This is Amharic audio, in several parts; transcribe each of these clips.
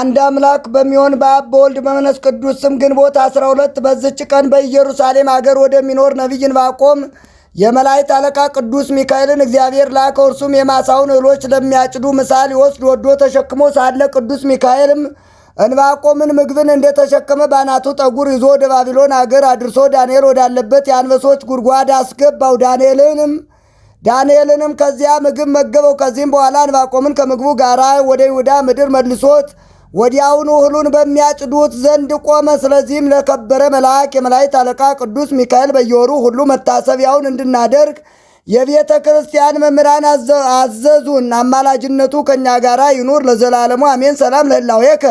አንድ አምላክ በሚሆን በአብ በወልድ በመንፈስ ቅዱስ ስም ግንቦት 12 በዝች ቀን በኢየሩሳሌም አገር ወደሚኖር ነቢይ ዕንባቆም የመላእክት አለቃ ቅዱስ ሚካኤልን እግዚአብሔር ላከው። እርሱም የማሳውን እህሎች ለሚያጭዱ ምሳ ሊወስድ ወዶ ተሸክሞ ሳለ ቅዱስ ሚካኤልም ዕንባቆምን ምግብን እንደተሸከመ በአናቱ ጠጉር ይዞ ወደ ባቢሎን አገር አድርሶ ዳንኤል ወዳለበት የአንበሶች ጉድጓድ አስገባው። ዳንኤልንም ዳንኤልንም ከዚያ ምግብ መገበው። ከዚህም በኋላ ዕንባቆምን ከምግቡ ጋር ወደ ይሁዳ ምድር መልሶት ወዲያውኑ እህሉን በሚያጭዱት ዘንድ ቆመ። ስለዚህም ለከበረ መልአክ የመላእክት አለቃ ቅዱስ ሚካኤል በየወሩ ሁሉ መታሰቢያውን እንድናደርግ የቤተ ክርስቲያን መምህራን አዘዙን። አማላጅነቱ ከእኛ ጋር ይኑር ለዘላለሙ አሜን። ሰላም ለህላዌከ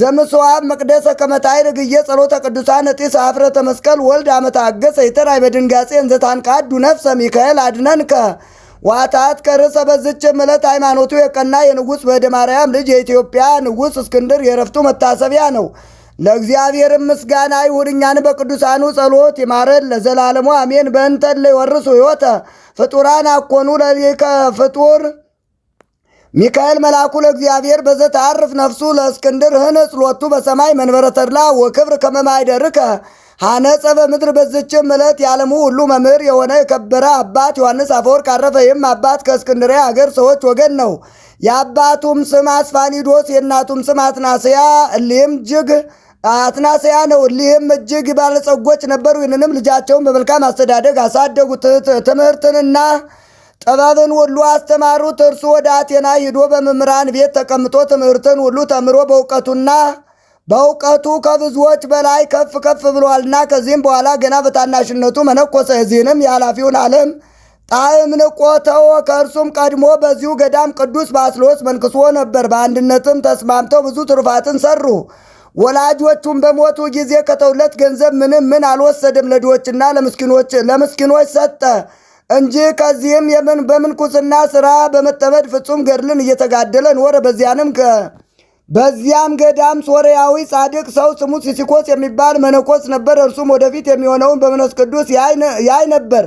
ዘምስዋብ መቅደሰ ከመታይ ርግየ ጸሎተ ቅዱሳን እጢስ አፍረተ መስቀል ወልድ አመታገሰ ይተራይ በድንጋጼ እንዘታን ካዱ ነፍሰ ሚካኤል አድነንከ ዋታት ከርሰ በዝችም ዕለት ሃይማኖቱ የቀና የንጉሥ ወደ ማርያም ልጅ የኢትዮጵያ ንጉሥ እስክንድር የረፍቱ መታሰቢያ ነው። ለእግዚአብሔር ምስጋና ይሁን፣ እኛን በቅዱሳኑ ጸሎት ይማረን ለዘላለሙ አሜን። በእንተን ለይወርሱ ሕይወተ ፍጡራን አኮኑ ለሊከ ፍጡር ሚካኤል መልአኩ ለእግዚአብሔር አርፍ ነፍሱ ለእስክንድር ህነ ጽሎቱ በሰማይ መንበረ ተድላ ወክብር ከመማይደርከ ሐነጸ በምድር በዝችም ዕለት የዓለሙ ሁሉ መምህር የሆነ የከበረ አባት ዮሐንስ አፈወርቅ አረፈ። ይህም አባት ከእስክንድርያ አገር ሰዎች ወገን ነው። የአባቱም ስም አስፋኒዶስ የእናቱም ስም አትናስያ እሊህም ጅግ አትናስያ ነው። እሊህም እጅግ ባለጸጎች ነበሩ። ይህንንም ልጃቸውን በመልካም አስተዳደግ አሳደጉት። ትምህርትንና ጥበብን ሁሉ አስተማሩት። እርሱ ወደ አቴና ሂዶ በመምህራን ቤት ተቀምጦ ትምህርትን ሁሉ ተምሮ በእውቀቱና በእውቀቱ ከብዙዎች በላይ ከፍ ከፍ ብሏልና ከዚህም በኋላ ገና በታናሽነቱ መነኮሰ። እዚህንም የኃላፊውን ዓለም ጣዕም ንቆተው ከእርሱም ቀድሞ በዚሁ ገዳም ቅዱስ ባስሎስ መንክሶ ነበር። በአንድነትም ተስማምተው ብዙ ትሩፋትን ሰሩ። ወላጆቹም በሞቱ ጊዜ ከተውለት ገንዘብ ምንም ምን አልወሰድም። ለድሆችና ለምስኪኖች ለምስኪኖች ሰጠ እንጂ ከዚህም በምንኩስና ሥራ በመጠመድ ፍጹም ገድልን እየተጋደለ ኖረ። በዚያንም በዚያም ገዳም ሶርያዊ ጻድቅ ሰው ስሙ ሲሲኮስ የሚባል መነኮስ ነበር። እርሱም ወደፊት የሚሆነውን በመንፈስ ቅዱስ ያይ ነበር።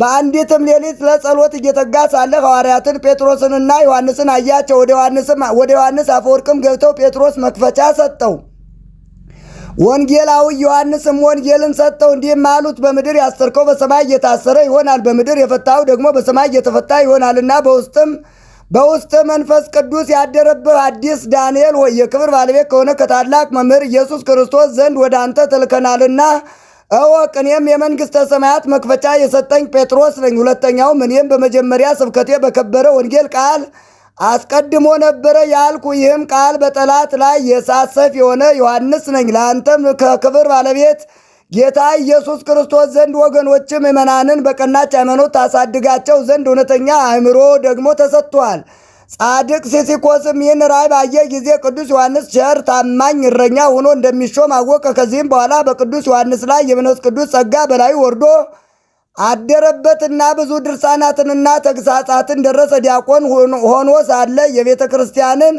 በአንዲትም ሌሊት ለጸሎት እየተጋ ሳለ ሐዋርያትን ጴጥሮስንና ዮሐንስን አያቸው። ወደ ዮሐንስ አፈወርቅም ገብተው ጴጥሮስ መክፈቻ ሰጠው። ወንጌላዊ ዮሐንስም ወንጌልን ሰጠው። እንዲህም አሉት፣ በምድር ያሰርከው በሰማይ እየታሰረ ይሆናል፣ በምድር የፈታው ደግሞ በሰማይ እየተፈታ ይሆናልና በውስጥም በውስጥ መንፈስ ቅዱስ ያደረብህ አዲስ ዳንኤል ወይ የክብር ባለቤት ከሆነ ከታላቅ መምህር ኢየሱስ ክርስቶስ ዘንድ ወደ አንተ ተልከናልና እወቅ። እኔም የመንግሥተ ሰማያት መክፈቻ የሰጠኝ ጴጥሮስ ነኝ። ሁለተኛውም እኔም በመጀመሪያ ስብከቴ በከበረ ወንጌል ቃል አስቀድሞ ነበረ ያልኩ ይህም ቃል በጠላት ላይ የሳት የሆነ ዮሐንስ ነኝ። ለአንተም ከክብር ባለቤት ጌታ ኢየሱስ ክርስቶስ ዘንድ ወገኖች ምእመናንን በቀናች ሃይማኖት ታሳድጋቸው ዘንድ እውነተኛ አእምሮ ደግሞ ተሰጥቷል። ጻድቅ ሲሲኮስም ይህን ራእይ ባየ ጊዜ ቅዱስ ዮሐንስ ቸር ታማኝ እረኛ ሆኖ እንደሚሾም አወቀ። ከዚህም በኋላ በቅዱስ ዮሐንስ ላይ የመንፈስ ቅዱስ ጸጋ በላዩ ወርዶ አደረበትና ብዙ ድርሳናትንና ተግሳጻትን ደረሰ። ዲያቆን ሆኖ ሳለ የቤተ ክርስቲያንን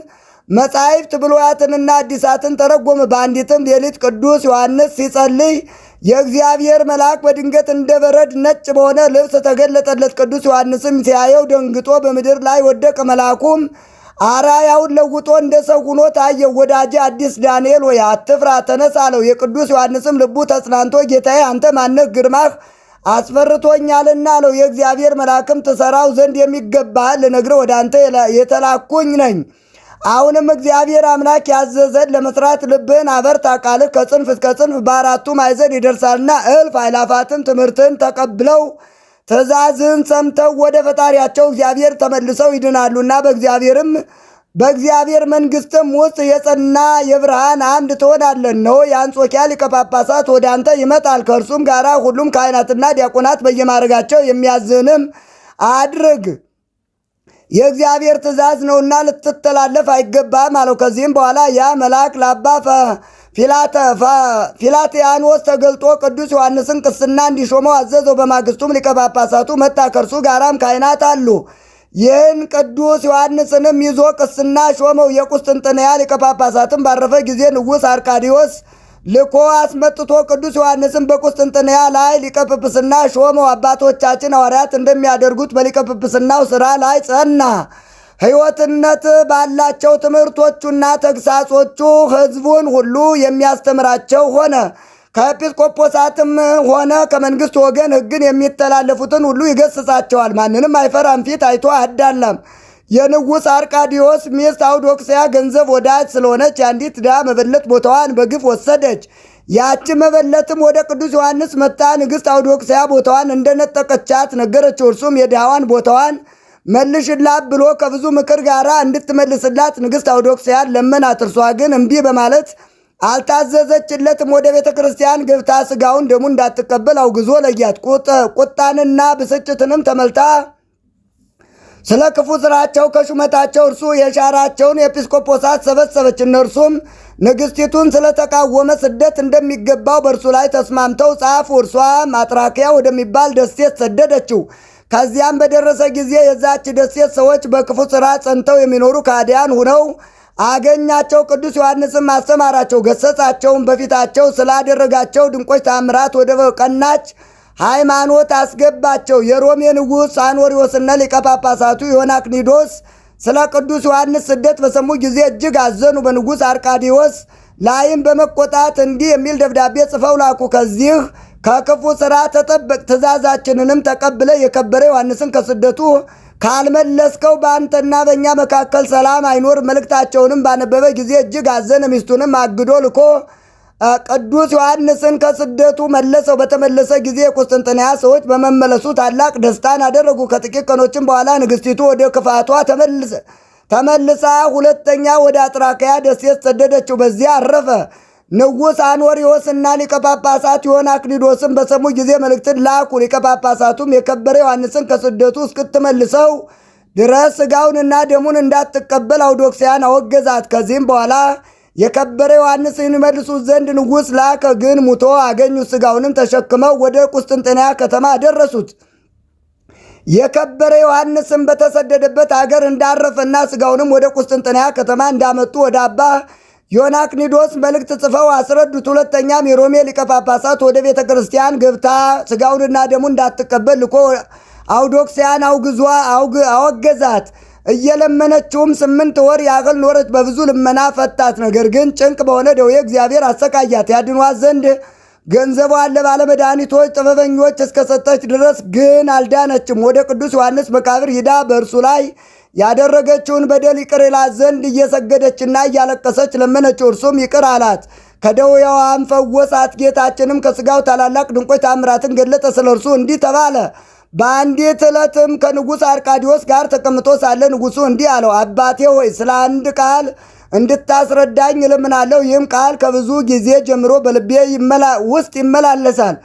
መጻሕፍት ብሉያትንና አዲሳትን ተረጎመ። በአንዲትም ሌሊት ቅዱስ ዮሐንስ ሲጸልይ የእግዚአብሔር መልአክ በድንገት እንደ በረድ ነጭ በሆነ ልብስ ተገለጠለት። ቅዱስ ዮሐንስም ሲያየው ደንግጦ በምድር ላይ ወደቀ። መልአኩም አራያውን ለውጦ እንደ ሰው ሁኖ ታየው። ወዳጄ አዲስ ዳንኤል ወይ አትፍራ፣ ተነሳ አለው። የቅዱስ ዮሐንስም ልቡ ተጽናንቶ ጌታዬ አንተ ማነህ? ግርማህ አስፈርቶኛልና አለው። የእግዚአብሔር መልአክም ትሰራው ዘንድ የሚገባህን ልነግርህ ወደ አንተ የተላኩኝ ነኝ አሁንም እግዚአብሔር አምላክ ያዘዘን ለመስራት ልብን አበርታ፣ ቃልህ ከጽንፍ እስከ ጽንፍ በአራቱ ማዕዘን ይደርሳልና። እልፍ አእላፋትም ትምህርትን ተቀብለው ትእዛዝን ሰምተው ወደ ፈጣሪያቸው እግዚአብሔር ተመልሰው ይድናሉና በእግዚአብሔርም በእግዚአብሔር መንግስትም ውስጥ የጸና የብርሃን አምድ ትሆናለን። ነው የአንጾኪያ ሊቀ ጳጳሳት ወደ አንተ ይመጣል። ከእርሱም ጋር ሁሉም ካህናትና ዲያቆናት በየማድረጋቸው የሚያዝንም አድርግ። የእግዚአብሔር ትእዛዝ ነውና ልትተላለፍ አይገባም አለው። ከዚህም በኋላ ያ መልአክ ለአባ ፊላቴያኖስ ተገልጦ ቅዱስ ዮሐንስን ቅስና እንዲሾመው አዘዘው። በማግስቱም ሊቀ ጳጳሳቱ መጣ፣ ከእርሱ ጋራም ካህናት አሉ። ይህን ቅዱስ ዮሐንስንም ይዞ ቅስና ሾመው። የቁስጥንጥንያ ሊቀ ጳጳሳትም ባረፈ ጊዜ ንጉሥ አርካዲዎስ ልኮ አስመጥቶ ቅዱስ ዮሐንስን በቁስጥንጥንያ ላይ ሊቀጵጵስና ሾመው። አባቶቻችን ሐዋርያት እንደሚያደርጉት በሊቀጵጵስናው ሥራ ላይ ጸና። ሕይወትነት ባላቸው ትምህርቶቹና ተግሳጾቹ ሕዝቡን ሁሉ የሚያስተምራቸው ሆነ። ከኤጲስቆጶሳትም ሆነ ከመንግሥት ወገን ሕግን የሚተላለፉትን ሁሉ ይገሥጻቸዋል። ማንንም አይፈራም፣ ፊት አይቶ አያዳላም። የንጉሥ አርቃዲዎስ ሚስት አውዶክስያ ገንዘብ ወዳጅ ስለሆነች የአንዲት ድሃ መበለት ቦታዋን በግፍ ወሰደች። ያቺ መበለትም ወደ ቅዱስ ዮሐንስ መጣ። ንግሥት አውዶክስያ ቦታዋን እንደነጠቀቻት ነገረችው። እርሱም የድሃዋን ቦታዋን መልሽላት ብሎ ከብዙ ምክር ጋር እንድትመልስላት ንግሥት አውዶክስያን ለመናት። እርሷ ግን እምቢ በማለት አልታዘዘችለትም። ወደ ቤተ ክርስቲያን ገብታ ሥጋውን ደሙ እንዳትቀበል አውግዞ ለያት። ቁጣንና ብስጭትንም ተመልታ ስለ ክፉ ስራቸው ከሹመታቸው እርሱ የሻራቸውን ኤጲስቆጶሳት ሰበሰበች። እነርሱም ንግሥቲቱን ስለተቃወመ ስደት እንደሚገባው በእርሱ ላይ ተስማምተው ጻፉ። እርሷ ማጥራኪያ ወደሚባል ደሴት ሰደደችው። ከዚያም በደረሰ ጊዜ የዛች ደሴት ሰዎች በክፉ ስራ ጸንተው የሚኖሩ ካዲያን ሁነው አገኛቸው። ቅዱስ ዮሐንስም አስተማራቸው፣ ገሰጻቸውም። በፊታቸው ስላደረጋቸው ድንቆች ታምራት ወደ ቀናች ሃይማኖት አስገባቸው። የሮሜ ንጉሥ አኖሪዎስና ሊቀ ጳጳሳቱ ዮናክኒዶስ ስለ ቅዱስ ዮሐንስ ስደት በሰሙ ጊዜ እጅግ አዘኑ። በንጉሥ አርቃዲዎስ ላይም በመቆጣት እንዲህ የሚል ደብዳቤ ጽፈው ላኩ። ከዚህ ከክፉ ሥራ ተጠበቅ፣ ትእዛዛችንንም ተቀብለ የከበረ ዮሐንስን ከስደቱ ካልመለስከው በአንተና በእኛ መካከል ሰላም አይኖር። መልእክታቸውንም ባነበበ ጊዜ እጅግ አዘነ። ሚስቱንም አግዶ ልኮ ቅዱስ ዮሐንስን ከስደቱ መለሰው። በተመለሰ ጊዜ የቁስጥንጥንያ ሰዎች በመመለሱ ታላቅ ደስታን አደረጉ። ከጥቂት ቀኖችም በኋላ ንግሥቲቱ ወደ ክፋቷ ተመልሰ ተመልሳ ሁለተኛ ወደ አጥራካያ ደሴት ሰደደችው። በዚያ አረፈ። ንጉሥ አኖሪዎስ እና ሊቀ ጳጳሳት የሆነ አክሊዶስን በሰሙ ጊዜ መልእክትን ላኩ። ሊቀ ጳጳሳቱም የከበረ ዮሐንስን ከስደቱ እስክትመልሰው ድረስ ሥጋውንና ደሙን እንዳትቀበል አውዶክሲያን አወገዛት። ከዚህም በኋላ የከበረ ዮሐንስን መልሱ ዘንድ ንጉሥ ላከ። ግን ሙቶ አገኙት። ሥጋውንም ተሸክመው ወደ ቁስጥንጥንያ ከተማ አደረሱት። የከበረ ዮሐንስም በተሰደደበት አገር እንዳረፈና ሥጋውንም ወደ ቁስጥንጥንያ ከተማ እንዳመጡ ወደ አባ ዮናክኒዶስ መልእክት ጽፈው አስረዱት። ሁለተኛም የሮሜ ሊቀ ጳጳሳት ወደ ቤተ ክርስቲያን ገብታ ሥጋውንና ደሙን እንዳትቀበል ልኮ አውዶክሲያን አውግዟ አወገዛት። እየለመነችውም ስምንት ወር ያህል ኖረች። በብዙ ልመና ፈታት። ነገር ግን ጭንቅ በሆነ ደዌ እግዚአብሔር አሰቃያት። ያድኗት ዘንድ ገንዘቧ ለባለመድኃኒቶች ጥበበኞች እስከሰጠች ድረስ ግን አልዳነችም። ወደ ቅዱስ ዮሐንስ መቃብር ሂዳ በእርሱ ላይ ያደረገችውን በደል ይቅር ይላት ዘንድ እየሰገደችና እያለቀሰች ለመነችው። እርሱም ይቅር አላት። ከደዌዋም ፈወሳት። ጌታችንም ከሥጋው ታላላቅ ድንቆች ታምራትን ገለጠ። ስለ እርሱ እንዲህ ተባለ። በአንዲት ዕለትም ከንጉሥ አርካዲዎስ ጋር ተቀምጦ ሳለ ንጉሡ እንዲህ አለው፣ አባቴ ሆይ ስለ አንድ ቃል እንድታስረዳኝ እለምናለሁ። ይህም ቃል ከብዙ ጊዜ ጀምሮ በልቤ ውስጥ ይመላለሳል።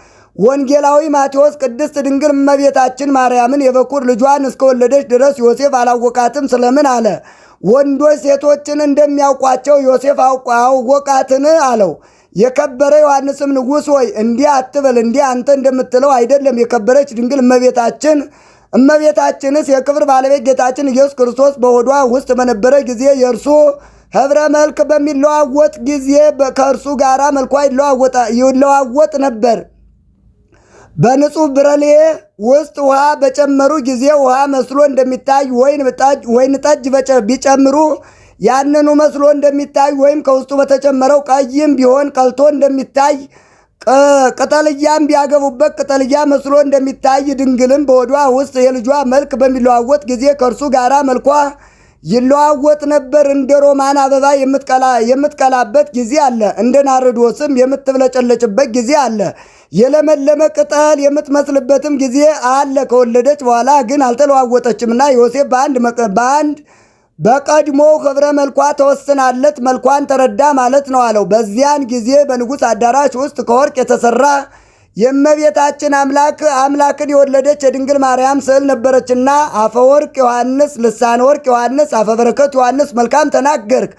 ወንጌላዊ ማቴዎስ ቅድስት ድንግል እመቤታችን ማርያምን የበኩር ልጇን እስከወለደች ድረስ ዮሴፍ አላወቃትም ስለምን አለ? ወንዶች ሴቶችን እንደሚያውቋቸው ዮሴፍ አወቃትን አለው። የከበረ ዮሐንስም ንጉሥ ሆይ እንዲህ አትበል፣ እንዲህ አንተ እንደምትለው አይደለም። የከበረች ድንግል እመቤታችን እመቤታችንስ የክብር ባለቤት ጌታችን ኢየሱስ ክርስቶስ በሆዷ ውስጥ በነበረ ጊዜ የእርሱ ህብረ መልክ በሚለዋወጥ ጊዜ ከእርሱ ጋራ መልኳ ይለዋወጥ ነበር። በንጹሕ ብረሌ ውስጥ ውሃ በጨመሩ ጊዜ ውሃ መስሎ እንደሚታይ ወይን ጠጅ ቢጨምሩ ያንኑ መስሎ እንደሚታይ ወይም ከውስጡ በተጨመረው ቀይም ቢሆን ቀልቶ እንደሚታይ ቅጠልያም ቢያገቡበት ቅጠልያ መስሎ እንደሚታይ ድንግልም በወዷ ውስጥ የልጇ መልክ በሚለዋወጥ ጊዜ ከእርሱ ጋራ መልኳ ይለዋወጥ ነበር። እንደ ሮማን አበባ የምትቀላበት ጊዜ አለ። እንደ ናርዶስም የምትብለጨለጭበት ጊዜ አለ። የለመለመ ቅጠል የምትመስልበትም ጊዜ አለ። ከወለደች በኋላ ግን አልተለዋወጠችምና ዮሴፍ በአንድ በቀድሞ ክብረ መልኳ ተወስናለት መልኳን ተረዳ ማለት ነው አለው። በዚያን ጊዜ በንጉሥ አዳራሽ ውስጥ ከወርቅ የተሠራ የእመቤታችን አምላክ አምላክን የወለደች የድንግል ማርያም ስዕል ነበረችና አፈ ወርቅ ዮሐንስ ልሳን ወርቅ ዮሐንስ አፈ በረከት ዮሐንስ መልካም ተናገርክ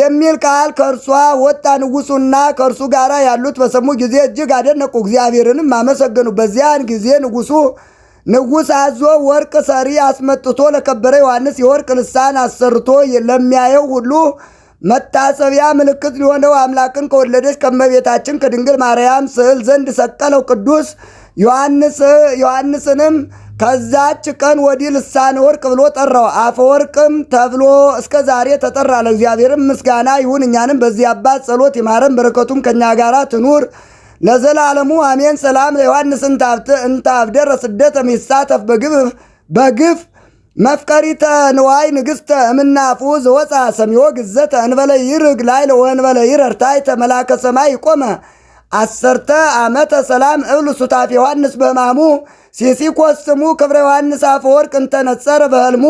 የሚል ቃል ከእርሷ ወጣ። ንጉሡና ከእርሱ ጋር ያሉት በሰሙ ጊዜ እጅግ አደነቁ፣ እግዚአብሔርንም አመሰገኑ። በዚያን ጊዜ ንጉሱ ንጉሥ አዞ ወርቅ ሰሪ አስመጥቶ ለከበረ ዮሐንስ የወርቅ ልሳን አሰርቶ ለሚያየው ሁሉ መታሰቢያ ምልክት ሊሆነው አምላክን ከወለደች ከመቤታችን ከድንግል ማርያም ስዕል ዘንድ ሰቀለው። ቅዱስ ዮሐንስንም ከዛች ቀን ወዲህ ልሳን ወርቅ ብሎ ጠራው። አፈ ወርቅም ተብሎ እስከ ዛሬ ተጠራ። ለእግዚአብሔርም ምስጋና ይሁን። እኛንም በዚህ አባት ጸሎት ይማረን፣ በረከቱም ከእኛ ጋር ትኑር። ለዘላለሙ አሜን። ሰላም ለዮሐንስ እንተ አብደረ ስደተ ሚሳተፍ በግፍ መፍቀሪተ ንዋይ ንግሥተ እምናፉ ዘወፃ ሰሚዎ ግዘተ እንበለ ይርግ ላይለ ወእንበለ ይረር ታሕተ መላከ ሰማይ ይቆመ አሰርተ ዓመተ ሰላም እብል ሱታፍ ዮሐንስ በማሙ ሲሲኮስ ስሙ ክብረ ዮሐንስ አፈወርቅ እንተነጸረ በሕልሙ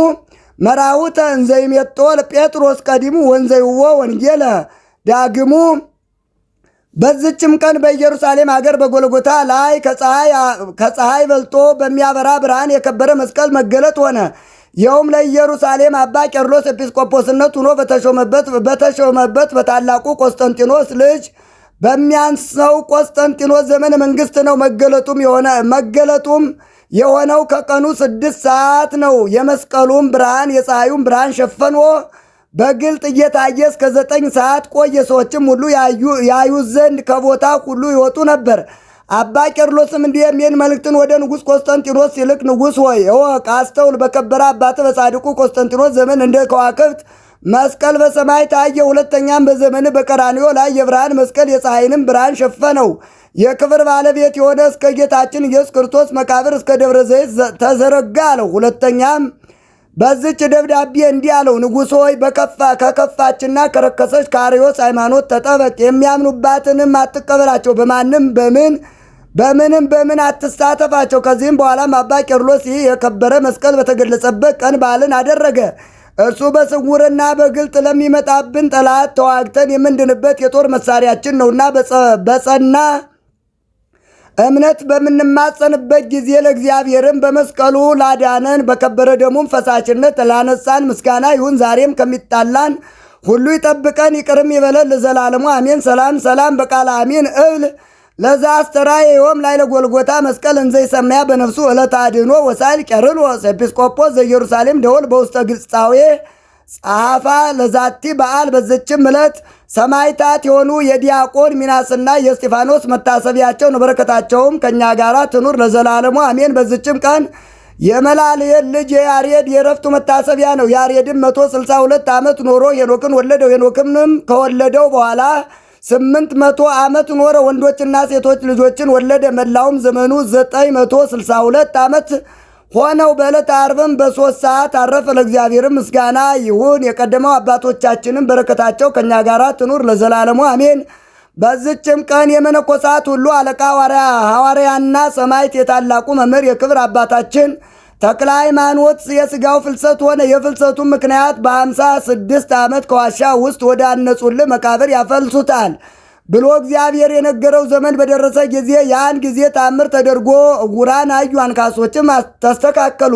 መራውተ እንዘይሜጦል ጴጥሮስ ቀዲሙ ወንዘይዎ ወንጌለ ዳግሙ በዝችም ቀን በኢየሩሳሌም አገር በጎልጎታ ላይ ከፀሐይ በልጦ በሚያበራ ብርሃን የከበረ መስቀል መገለጥ ሆነ። ይኸውም ለኢየሩሳሌም አባ ቄርሎስ ኤጲስቆጶስነት ሆኖ በተሾመበት በታላቁ ቆስጠንጢኖስ ልጅ በሚያንሰው ቆስጠንጢኖስ ዘመን መንግስት ነው። መገለጡም የሆነ መገለጡም የሆነው ከቀኑ ስድስት ሰዓት ነው። የመስቀሉም ብርሃን የፀሐዩም ብርሃን ሸፈኖ በግልጥ እየታየ እስከ ዘጠኝ ሰዓት ቆየ። ሰዎችም ሁሉ ያዩት ዘንድ ከቦታ ሁሉ ይወጡ ነበር። አባ ቄርሎስም እንዲህ የሚል መልእክትን ወደ ንጉሥ ቆስጠንጢኖስ ይልክ ንጉሥ ሆይ እወቅ፣ አስተውል። በከበረ አባት በጻድቁ ቆስጠንጢኖስ ዘመን እንደ ከዋክብት መስቀል በሰማይ ታየ። ሁለተኛም በዘመን በቀራንዮ ላይ የብርሃን መስቀል የፀሐይንም ብርሃን ሸፈነው። የክብር ባለቤት የሆነ እስከ ጌታችን ኢየሱስ ክርስቶስ መቃብር እስከ ደብረ ዘይት ተዘረጋ አለው። ሁለተኛም በዚች ደብዳቤ እንዲህ አለው፣ ንጉሥ ሆይ በከፋ ከከፋችና ከረከሰች ከአርዮስ ሃይማኖት ተጠበቅ። የሚያምኑባትንም አትቀበላቸው። በማንም በምን በምንም በምን አትሳተፋቸው። ከዚህም በኋላም አባ ቄርሎስ ይህ የከበረ መስቀል በተገለጸበት ቀን በዓልን አደረገ። እርሱ በስውርና በግልጥ ለሚመጣብን ጠላት ተዋግተን የምንድንበት የጦር መሳሪያችን ነውና በጸና እምነት በምንማጸንበት ጊዜ ለእግዚአብሔርም በመስቀሉ ላዳነን በከበረ ደሙም ፈሳሽነት ላነሳን ምስጋና ይሁን። ዛሬም ከሚጣላን ሁሉ ይጠብቀን ይቅርም ይበለን ለዘላለሙ አሜን። ሰላም ሰላም በቃል አሚን እብል ለዛ አስተራየ ዮም ላይ ለጎልጎታ መስቀል እንዘ ሰማያ በነፍሱ ዕለተ አድኅኖ ወሳይል ቄርሎስ ኤጲስቆጶስ ዘኢየሩሳሌም ደወል በውስተ ግልጻዌ ጸሐፋ ለዛቲ በዓል በዘችም ዕለት ሰማይታት የሆኑ የዲያቆን ሚናስና የእስጢፋኖስ መታሰቢያቸው ነው። በረከታቸውም ከእኛ ጋር ትኑር ለዘላለሙ አሜን። በዝችም ቀን የመላልኤል ልጅ የያሬድ የእረፍቱ መታሰቢያ ነው። ያሬድም 162 ዓመት ኖሮ ሄኖክን ወለደው። ሄኖክንም ከወለደው በኋላ ስምንት መቶ ዓመት ኖረ። ወንዶችና ሴቶች ልጆችን ወለደ። መላውም ዘመኑ 962 ዓመት ሆነው በዕለተ አርብም በሦስት ሰዓት አረፈ። ለእግዚአብሔር ምስጋና ይሁን። የቀደመው አባቶቻችንም በረከታቸው ከእኛ ጋር ትኑር ለዘላለሙ አሜን። በዝችም ቀን የመነኮሳት ሁሉ አለቃ ሐዋርያና ሰማይት የታላቁ መምህር የክብር አባታችን ተክለ ሃይማኖት የሥጋው ፍልሰት ሆነ። የፍልሰቱ ምክንያት በአምሳ ስድስት ዓመት ከዋሻ ውስጥ ወደ አነጹልህ መቃብር ያፈልሱታል። ብሎ እግዚአብሔር የነገረው ዘመን በደረሰ ጊዜ ያን ጊዜ ታምር ተደርጎ ዕውራን አዩ፣ አንካሶችም ተስተካከሉ።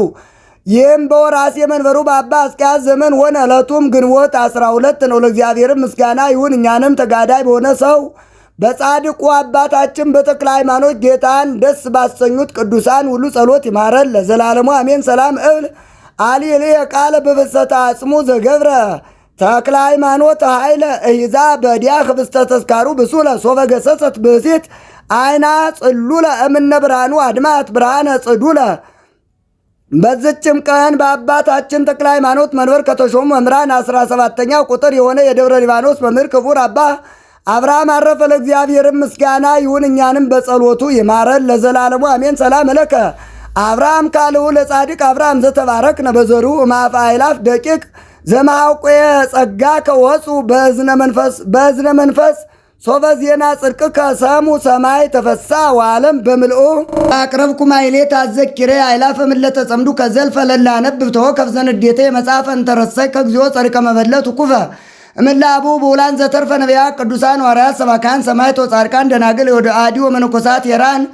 ይህም በወራሴ መንበሩ በአባ አስቅያስ ዘመን ሆነ። ዕለቱም ግንቦት 12 ነው። ለእግዚአብሔርም ምስጋና ይሁን። እኛንም ተጋዳይ በሆነ ሰው በጻድቁ አባታችን በተክለ ሃይማኖት ጌታን ደስ ባሰኙት ቅዱሳን ሁሉ ጸሎት ይማረል ለዘላለሙ አሜን። ሰላም እብል አሊሌ ቃለ በፍሰታ አጽሙ ዘገብረ ተክለ ሃይማኖት ኃይለ እይዛ በዲያ ህብስተ ተስካሩ ብሱለ ሶበ ገሰሰት ብእሲት አይና ጽሉለ እምነ ብርሃኑ አድማት ብርሃነ ጽዱለ። በዝችም ቀን በአባታችን ተክለ ሃይማኖት መንበር ከተሾሙ መምህራን አስራ ሰባተኛ ቁጥር የሆነ የደብረ ሊባኖስ መምህር ክቡር አባ አብርሃም አረፈ። ለእግዚአብሔርም ምስጋና ይሁን፣ እኛንም በጸሎቱ ይማረን ለዘላለሙ አሜን። ሰላም እለከ አብርሃም ካልሁ ለጻድቅ አብርሃም ዘተባረክ ነበዘሩ ማፍ አይላፍ ደቂቅ ዘማውቆየ ጸጋ ከወፁ በእዝነ መንፈስ በእዝነ መንፈስ ሶበ ዜና ጽድቅ ከሰሙ ሰማይ ተፈሳ ዋለም በምልኡ አቅረብኩ ማይሌት አዘኪሬ አይላፈ ምለተ ጸምዱ ከዘልፈ ለላነብብ ተወከፍ ዘንዴቴ መጽሐፈ እንተረሳይ ከግዚኦ ጸድቀ መበለት ኩፈ እምላ አቡ ዘተርፈ ነቢያ ቅዱሳን ዋርያት ሰባካን ሰማይቶ ጻድቃን ደናግል ወደ አዲ ወመነኮሳት የራን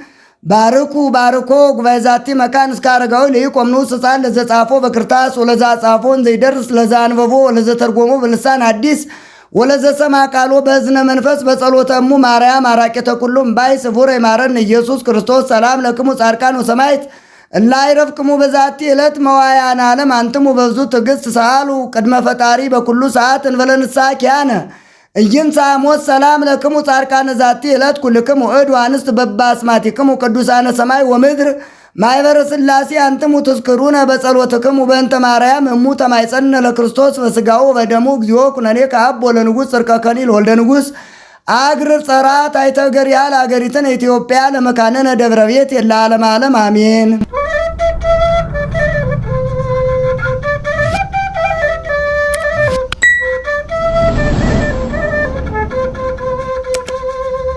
ባርኩ ባርኮ ጉባኤዛቲ መካን እስከ አረጋዊ ለይቆምኑ ስፃን ለዘጻፎ በክርታስ ወለዛ ጻፎ ዘይደርስ ለዛ አንበቦ ወለዘ ተርጎሞ በልሳን አዲስ ወለዘ ሰማ ቃሎ በእዝነ መንፈስ በጸሎተሙ ማርያም አራቄተ ኩሉም ባይ ስቡር የማረን ኢየሱስ ክርስቶስ ሰላም ለክሙ ጻድቃን ወሰማይት እላይረፍክሙ በዛቲ ዕለት መዋያን ዓለም አንትሙ በብዙ ትግስት ሰአሉ ቅድመ ፈጣሪ በኩሉ ሰዓት እንበለንሳ ኪያነ ኢይምጻእሞት ሰላም ለክሙ ጻድቃነ ዛቲ ዕለት ኩልክሙ እድ አንስት ክሙ ቅዱሳነ ሰማይ ወምድር ማኅበረ ሥላሴ አንትሙ በጸሎት ክሙ በእንተ ማርያም እሙ ተማይጸነ ለክርስቶስ በስጋው በደሙ እግዚኦ ኩነኔ ከአብ ወለንጉሥ ጽርቀ ከኒል ወልደ ንጉሥ አግር ጸራት አይተገር ያህል አገሪትን ኢትዮጵያ ለመካነነ ደብረ ቤት የለ ዓለም ዓለም አሜን።